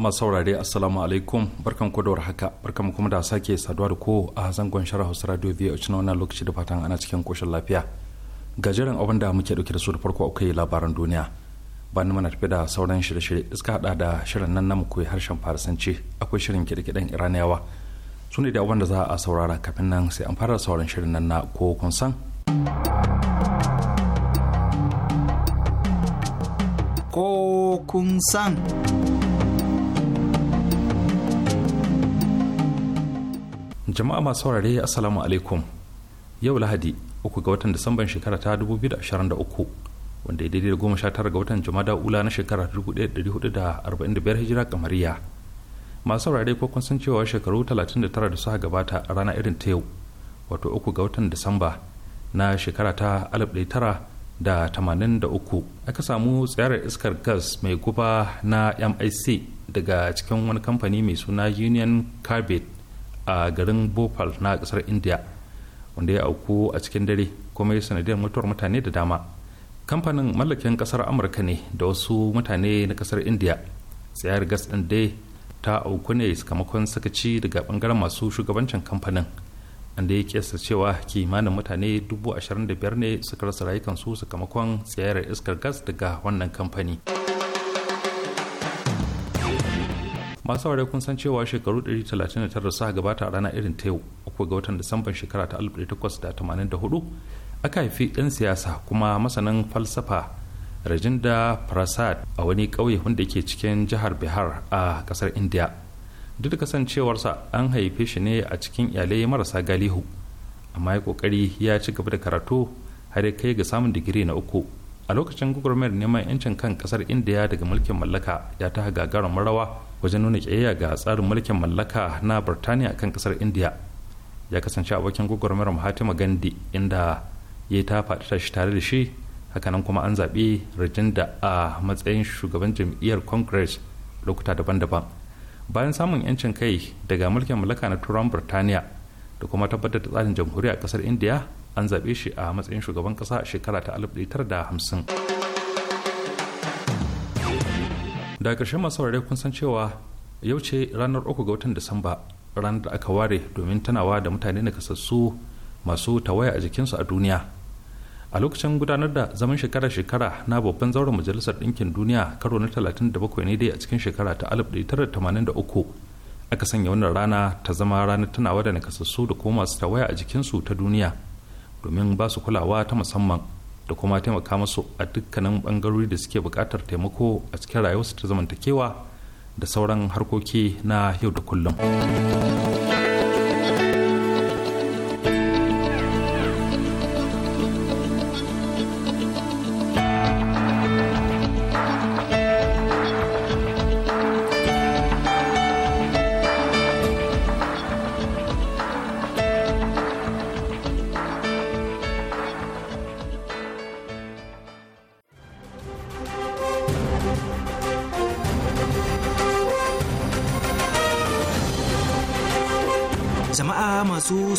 masu saurare assalamu alaikum barkan ku da warhaka barkan kuma da sake saduwa da ko a zangon shara hausa radio biyu a wannan lokaci da fatan ana cikin koshin lafiya gajeren abin da muke dauke da su da farko akwai labaran duniya ba ni mana tafi da sauran shirye-shirye iska hada da shirin nan namu koyi harshen farisanci akwai shirin kiɗe-kiɗen iraniyawa su ne da abin da za a saurara kafin nan sai an fara sauran shirin nan na ko kun san ko kun san jama'a masu saurare assalamu alaikum yau lahadi uku ga watan disamban shekara ta 2023 wanda ya daidai da goma sha tara ga watan jama'a ula na shekara 1445 hijira kamariya masu saurare ko kun san cewa shekaru 39 da suka gabata a rana irin ta yau wato uku ga watan disamba na shekara ta 1983 aka samu tsayarar iskar gas mai guba na mic daga cikin wani kamfani mai suna union carbide a garin bhopal na kasar india wanda ya auku a cikin dare kuma ya sanadiyar mutuwar mutane da dama kamfanin mallakin kasar amurka ne da wasu mutane na kasar india tsayar gas ɗin dai ta auku ne sakamakon sakaci daga bangaren masu shugabancin kamfanin inda ya kiyasta cewa kimanin mutane 25,000 ne suka rasa su sakamakon tsayar iskar gas daga wannan kamfani. masu aure kun san cewa shekaru 139 suka gabata a rana irin ta yau uku ga watan disamban shekara ta 1884 aka haifi ɗan siyasa kuma masanin falsafa rajinda prasad a wani ƙauye wanda ke cikin jihar bihar a ƙasar india duk da kasancewarsa an haife shi ne a cikin iyalai marasa galihu amma ya kokari ya ci gaba da karatu har ya kai ga samun digiri na uku a lokacin gwagwarmayar neman yancin kan ƙasar india daga mulkin mallaka ya ta gagarumin rawa wajen nuna kiyayya ga tsarin mulkin mallaka na birtaniya kan ƙasar india ya kasance abokin gwagwarmayar mahatima gandi inda ya ta faɗi shi tare da shi hakanan kuma an zaɓi rajinda a matsayin shugaban jam'iyyar congress lokuta daban-daban bayan samun 'yancin kai daga mulkin mallaka na turan birtaniya da kuma tabbatar da tsarin jamhuriya a ƙasar india an zaɓe shi a matsayin shugaban ƙasa shekara ta 1950 da ƙarshen masu kun san cewa yau ce ranar uku ga watan disamba ranar da aka ware domin tanawa da mutane na kasassu masu tawaya a jikinsu a duniya a lokacin gudanar da zaman shekara-shekara na babban zauren majalisar ɗinkin duniya karo na 37 ne dai a cikin shekara ta 1983 aka sanya wannan rana ta zama ranar tunawa da nakasassu da kuma masu tawaya a jikinsu ta duniya domin ba su kulawa ta musamman da kuma taimaka masu a dukkanin bangarori da suke buƙatar taimako a cikin rayuwarsu ta zamantakewa da sauran harkoki na yau da kullum.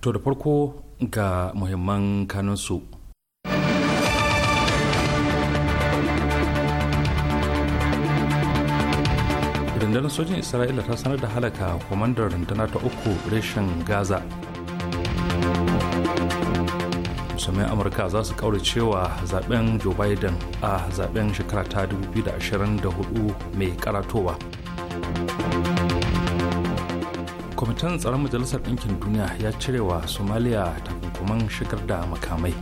To da farko ga muhimman kanunsu. Rundunar sojin Isra'ila ta sanar da halaka kwamandar runduna ta uku reshen Gaza. musamman amurka za su kaura cewa zaben joe biden a zaben shekara ta 2024 mai karatowa kwamitin tsaron majalisar ɗinkin duniya ya cirewa sumaliya takunkuman shigar da makamai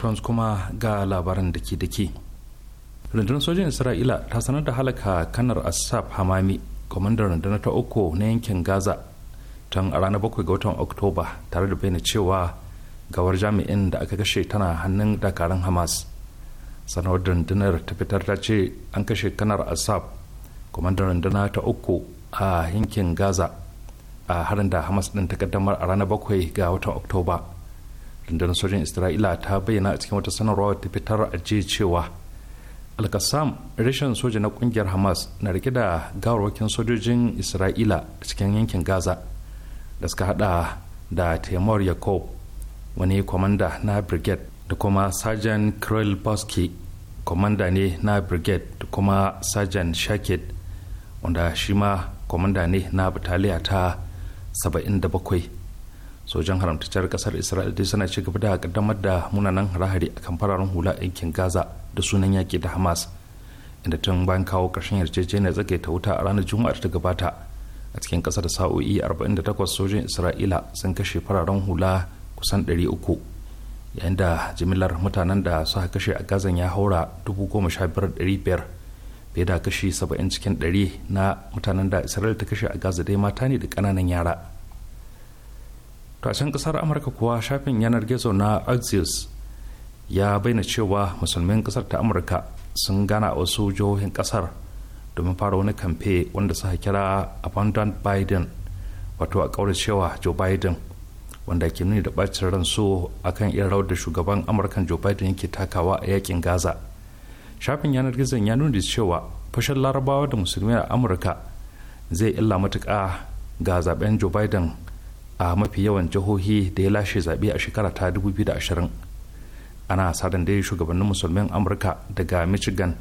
france kuma ga labaran da ke dake rundunar sojin isra'ila ta sanar da halaka kanar asaf hamami kwamandar rundunar ta uku na yankin gaza tun a ranar 7 ga watan oktoba tare da bayyana cewa gawar jami'in da aka kashe tana hannun dakarun hamas sanarwar rundunar ta fitar ta ce an kashe kanar asaf kwamandan rundunar ta uku a yankin gaza a harin da hamas ɗin ta kaddamar a ranar bakwai ga watan oktoba rundunar sojin isra'ila ta bayyana a cikin wata sanarwa ta fitar a cewa alkasam rashin soja na kungiyar hamas na rike da gawarwakin sojojin isra'ila cikin yankin gaza da suka hada da taimur yakob wani kwamanda na brigade da kuma sajan krill boski kwamanda ne na brigade da kuma sajan shaket wanda shi ma kwamanda ne na bataliya ta 77 sojan haramtacciyar kasar isra'ila dai suna ci gaba da kaddamar da munanan harahari akan fararen hula yankin gaza da sunan yaƙi da hamas inda tun bayan kawo ƙarshen yarjejeniyar ta wuta a ranar juma'ar ta gabata a cikin ƙasa da sa'o'i 48 sojin isra'ila sun kashe fararen hula kusan 300 yayin da jimillar mutanen da suka kashe a gazan ya haura 15,500 fiye da kashi 70 cikin 100 na mutanen da isra'el ta kashe a gaza dai mata ne da kananan yara to a can ƙasar amurka kuwa shafin yanar gizo na axios ya bayyana cewa musulmin kasar ta amurka sun gana a wasu jihohin kasar domin fara wani kamfe wanda suka kira abundant biden wato a kaure cewa joe biden wanda ke nuni da bacin ran so akan irin rawar da shugaban amurkan joe biden yake takawa a yakin gaza shafin yanar gizon ya nuna cewa fashin larabawa da musulmi a amurka zai illa matuƙa ga zaben joe biden a mafi yawan jihohi da ya lashe zaɓe a shekara ta 2020 ana sadan dai shugabannin musulmin amurka daga michigan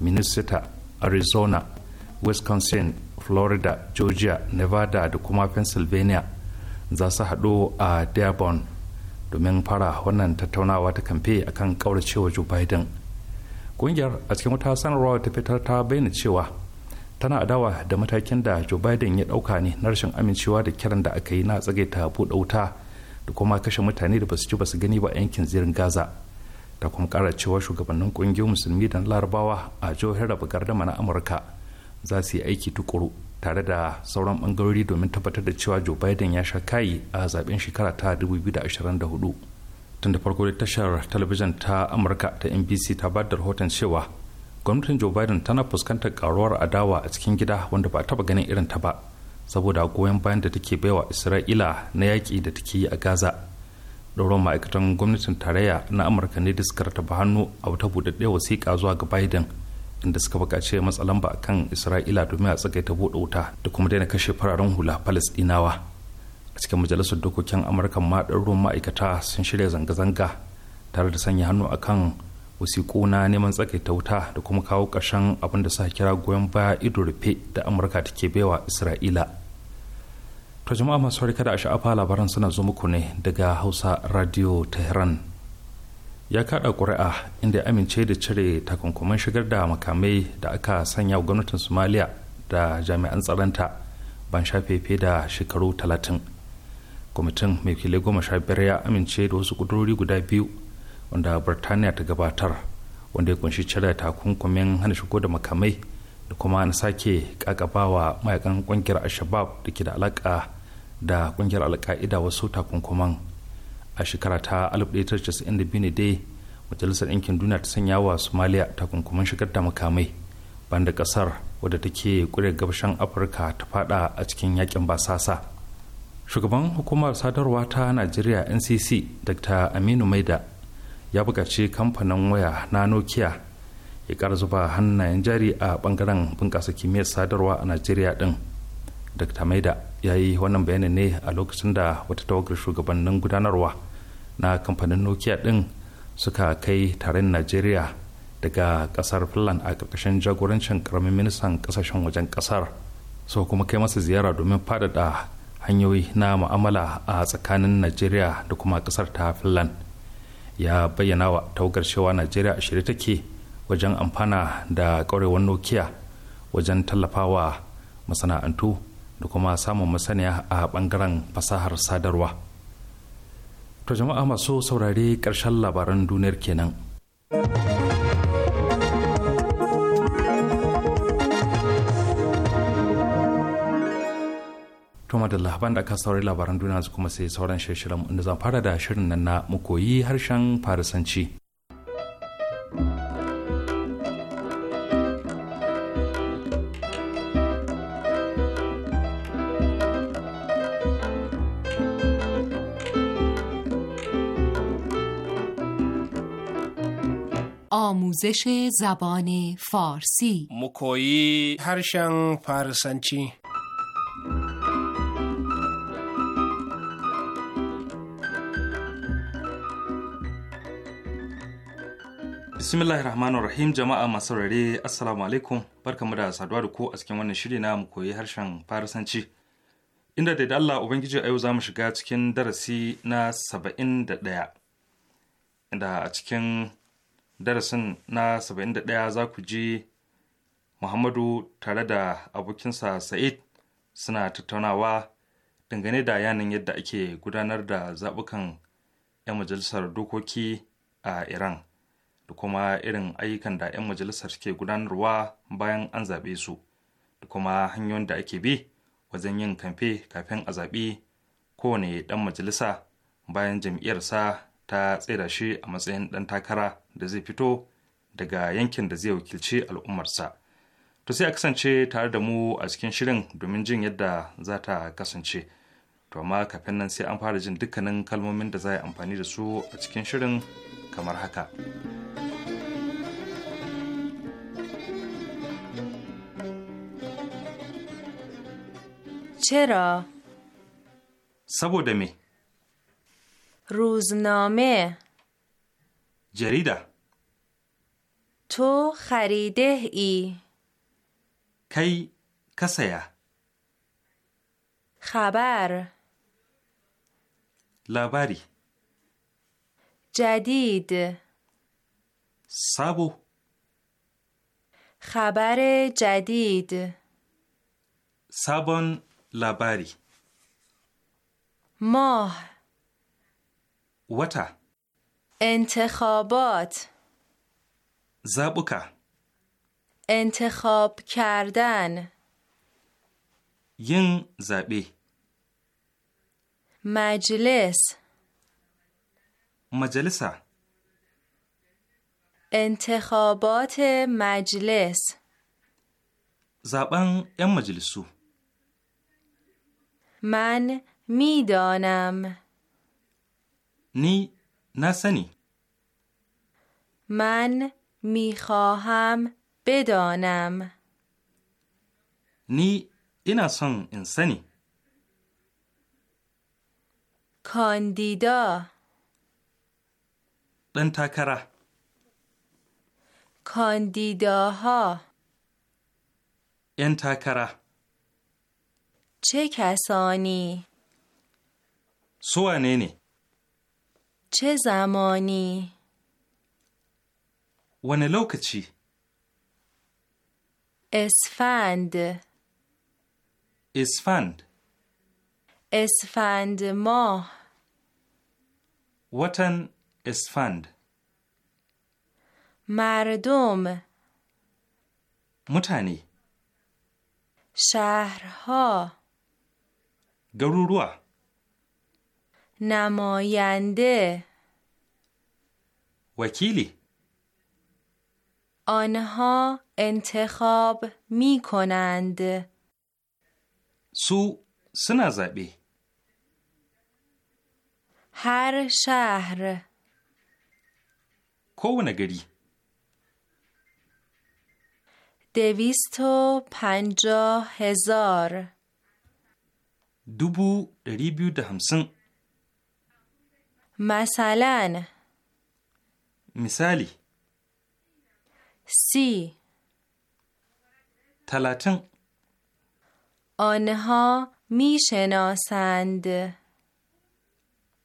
minnesota arizona wisconsin florida georgia nevada da kuma pennsylvania za su haɗu a dearborn domin fara wannan tattaunawa ta kamfe akan kauracewa joe biden kungiyar a cikin wata sanarwa ta fitar ta bayyana cewa tana adawa da matakin da joe biden ya dauka ne na rashin amincewa da kiran da aka yi na ta buɗe wuta da kuma kashe mutane da basu ci basu gani ba yankin zirin gaza ta kuma kara cewa shugabannin kungiyar musulmi da larabawa a jihohin raba gardama na amurka za su yi aiki tukuru tare da sauran bangarori domin tabbatar da cewa joe biden ya sha kayi a zaben shekara ta 2024 tun da farko tashar talabijin ta amurka ta nbc ta ba da rahoton cewa gwamnatin joe biden tana fuskantar karuwar adawa a cikin gida wanda ba taba ganin irin ta ba saboda goyon bayan da take baiwa isra'ila na yaƙi da take yi a gaza ɗauron ma'aikatan gwamnatin tarayya na amurka ne da suka rataba hannu a wata buɗaɗɗiyar wasiƙa zuwa ga biden inda suka buƙaci matsa a kan isra'ila domin a tsagaita buɗe wuta da kuma daina kashe fararen hula falasɗinawa a cikin majalisar dokokin amurka ma ruwan ma'aikata sun shirya zanga-zanga tare da sanya hannu akan wasiƙu na neman tsakaita wuta da kuma kawo ƙarshen abin da suka kira goyon baya ido rufe da amurka take baiwa isra'ila to jama'a masu harika da sha'afa labaran suna zo muku ne daga hausa radio tehran ya kada ƙuri'a inda ya amince da cire takunkuman shigar da makamai da aka sanya wa gwamnatin somaliya da jami'an tsaronta ban shafe fiye da shekaru talatin kwamitin mai wakilai goma sha biyar ya amince da wasu kudurori guda biyu wanda birtaniya ta gabatar wanda ya kunshi cire takunkumin hana shigo da makamai da kuma na sake kakabawa mayakan kungiyar alshabab shabab da ke da alaka da kungiyar alka'ida wasu takunkuman a shekara ta 1992 ne dai majalisar ɗinkin duniya ta sanya wa somalia takunkuman shigar da makamai banda ƙasar wadda take kure gabashin afirka ta fada a cikin yakin basasa shugaban hukumar sadarwa ta najeriya ncc dr aminu maida ya buƙaci kamfanin waya na nokia ya kara zuba hannayen jari a bangaren bunƙasa kimiyyar sadarwa a najeriya ɗin dr maida ya yi wannan bayanin ne a lokacin da wata tawagar shugabannin gudanarwa na kamfanin nokia ɗin suka kai tarin najeriya daga ƙasar finland a ƙarƙashin jagorancin ƙaramin ministan ƙasashen wajen ƙasar sau kuma kai masa ziyara domin faɗaɗa hanyoyi na mu'amala a tsakanin najeriya da kuma kasar ta finland ya bayyana wa taugar cewa najeriya a shirye take wajen amfana da ƙwarewar nokia wajen tallafawa masana'antu da kuma samun masaniya a bangaren fasahar sadarwa to jama'a masu saurare ƙarshen labaran duniyar kenan. toma da labaran da aka saurari labaran duniya su kuma sai sauran shirin inda zan fara da shirin nan na mukoyi harshen farisanci آموزش زبان فارسی مکویی هرشن فارسنچی Bismillahirrahmanirrahim rahim jama'a masu rare assalamu alaikum barkamu da saduwa da ku a cikin wannan shiri na mu koyi harshen farisanci inda da Allah ubangiji a yau za mu shiga cikin darasi na saba'in da ɗaya inda a cikin darasin na saba'in da ɗaya za ku ji muhammadu tare da abokinsa sa'id suna tattaunawa dangane da yanin yadda ake gudanar da zaɓukan 'yan majalisar dokoki a iran da kuma irin ayyukan da 'yan majalisar ke gudanarwa bayan an zaɓe su da kuma hanyoyin da ake bi wajen yin kamfe kafin a zaɓi kowane ɗan majalisa bayan jam'iyyarsa ta tsira shi a matsayin ɗan takara da zai fito daga yankin da zai wakilci al'ummarsa. To sai a kasance tare da mu a cikin shirin domin jin yadda za ta kasance. To amma kafin nan sai an fara jin dukkanin kalmomin da za a yi amfani da su a cikin shirin kamar haka. چرا؟ سبوده می روزنامه جریده تو خریده ای کی کسیا خبر لبری جدید سبو خبر جدید سبون لاباری ماه وتا انتخابات زبوکا انتخاب کردن ین زبی مجلس مجلسا انتخابات مجلس زبان ام مجلسو من میدانم نی نسنی من میخواهم بدانم نی اینا سن کاندیدا دن کاندیداها انتاکره. چه کسانی؟ انینی چه زمانی؟ ونه چی؟ اسفند اسفند اسفند ماه وطن اسفند مردم متنی شهرها گرورو نماینده وکیلی آنها انتخاب می کنند سو سنازبی هر شهر کوونگری دویست و پنجاه هزار dubu dari biyu da hamsin. Masalan. Misali. Si. Talatin. Onha mishenosand.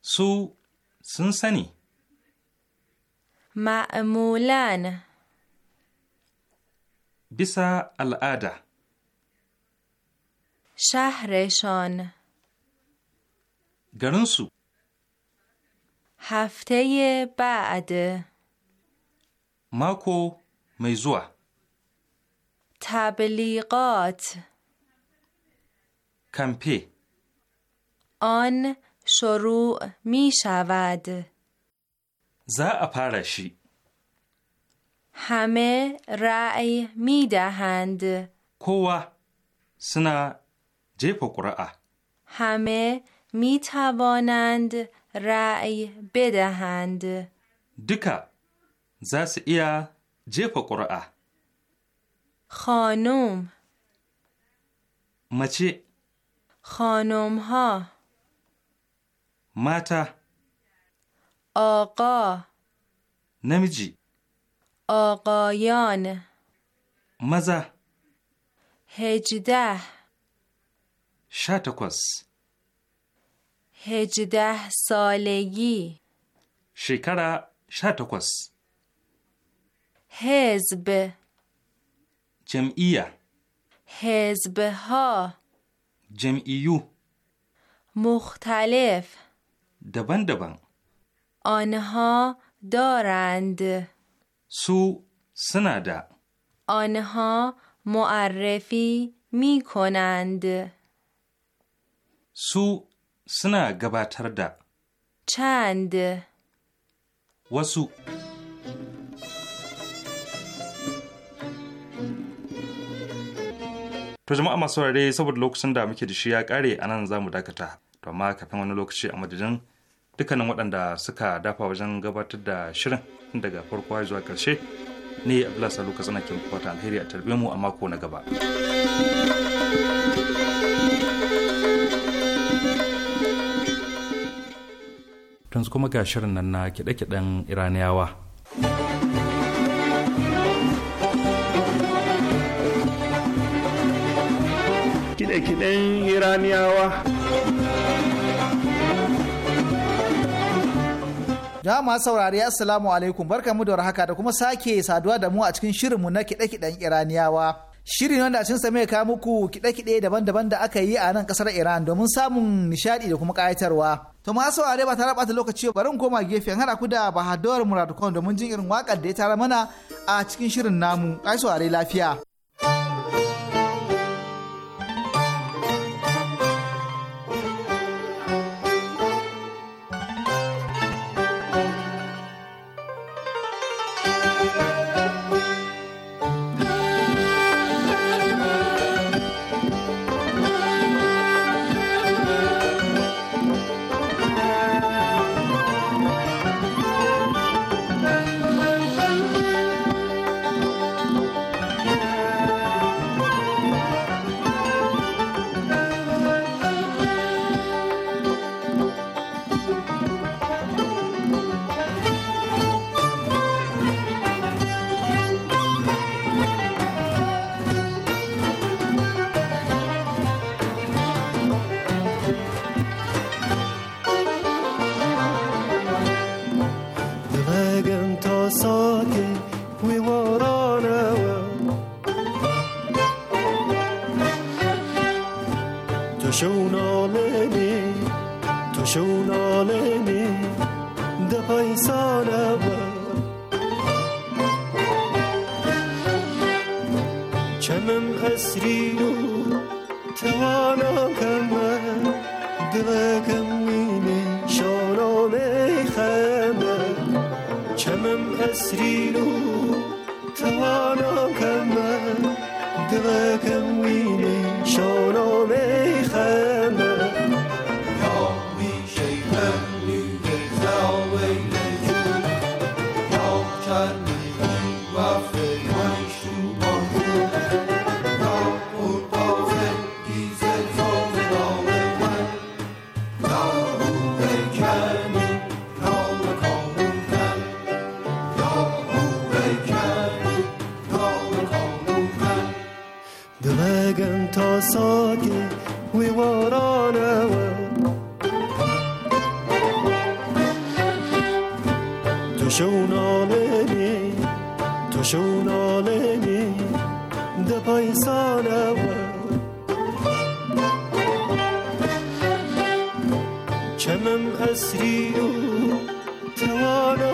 Su sun sani. Ma'amulan. Bisa al'ada. شهرشان گرنسو هفته بعد ماکو میزوع تبلیغات کمپی آن شروع می شود زا اپارشی همه رأی می دهند کوه سنا جیب قرعه همه می توانند رأی بدهند دکا زاس ایا جیب قرعه خانم مچی خانم ها ماتا آقا نمیجی آقایان مزه هجده شتکس هجده سالگی شکر شتکس حزب جمعیه حزب ها جمعیو مختلف دبن دبن آنها دارند سو سنده آنها معرفی می کنند su suna gabatar da. chand wasu. To jama'a masu saurare saboda lokacin da muke da shi ya kare a nan za mu dakata. To amma kafin wani lokaci a madadin dukkanin waɗanda suka dafa wajen gabatar da shirin daga farko zuwa karshe ne Abdullahi Salo Katsina kyan kwata alheri a tarbe mu a mako na gaba. tunzu kuma ga shirin nan na kiɗe-kiɗen iraniyawa kiɗe-kiɗen iraniyawa jama'a saurari assalamu alaikum barkamu da haka da kuma sake saduwa da mu a cikin shirinmu na kiɗe-kiɗen iraniyawa shirin wanda a cinsa mai kawo muku kiɗe-kiɗe daban-daban da aka yi a nan kasar Iran domin samun nishaɗi da kuma ƙayatarwa. To ma saurare ba tare ɓata lokaci bari in koma gefen hana ku da Bahadur Murad Kwan domin jin irin wakar da ya tara mana a cikin shirin namu. Ai saurare lafiya. کمم اسرین و توانا کمم دغا کم وینه شانامه talking, we were on our way. توشون عالمی توشون عالمی ده پایسان اول چمم اسری و توانم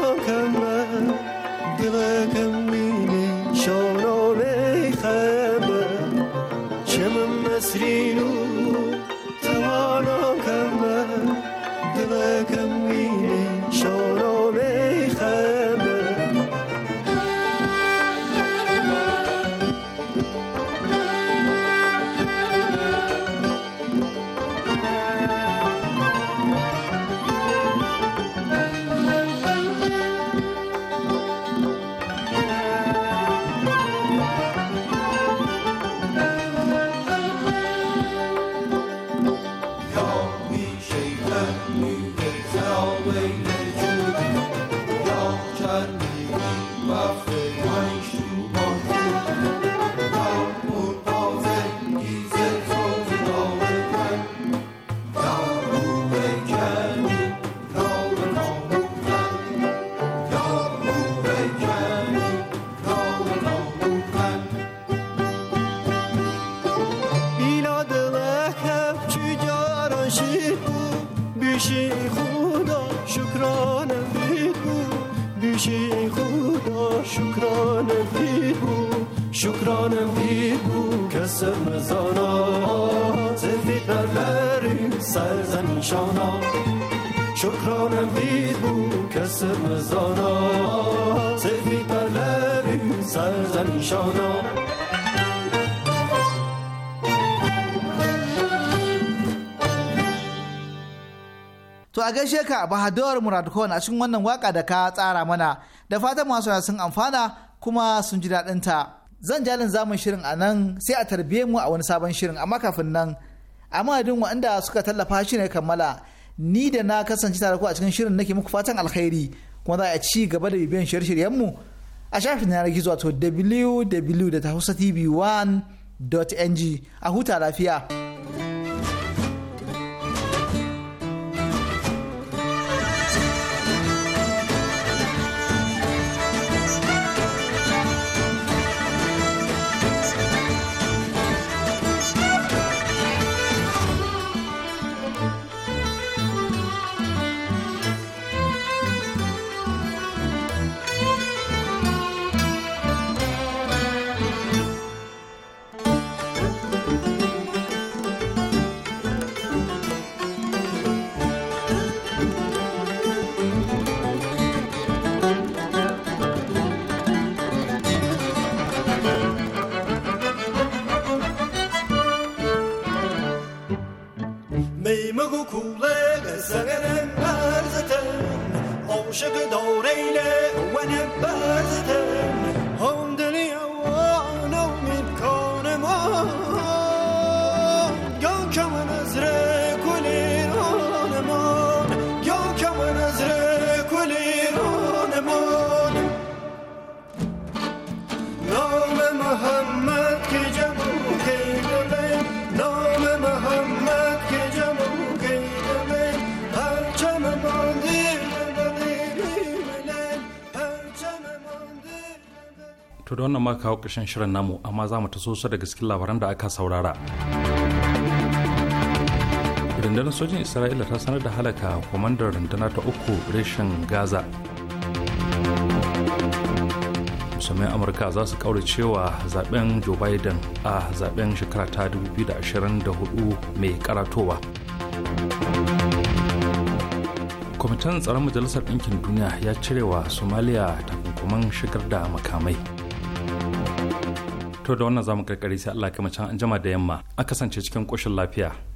Şükranım To a gaishe ka Bahadur Murad Khan a cikin wannan waka da ka tsara mana da fatan masu sun amfana kuma sun ji daɗin ta. Zan jalin zamun shirin a nan sai a tarbiye mu a wani sabon shirin amma kafin nan a madadin waɗanda suka tallafa shi ne kammala ni da na kasance tare ku a cikin shirin nake muku fatan alkhairi kuma za a ci gaba da bibiyan shirye-shiryenmu a shafin yanar gizo wato www.hausatv1.ng a huta lafiya. da wannan maka kawo ƙarshen shirin namu amma za mu taso su da gaskin labaran da aka saurara rundunar sojin isra'ila ta sanar da halaka kwamandar runduna ta uku reshen gaza musamman amurka za su kaura cewa zaben joe biden a zaben shekara ta 2024 mai karatowa kwamitin tsaron majalisar ɗinkin duniya ya cirewa somaliya takunkuman shigar da makamai to da wannan zamu karkare sai Allah ya kama can an da yamma a kasance cikin koshin lafiya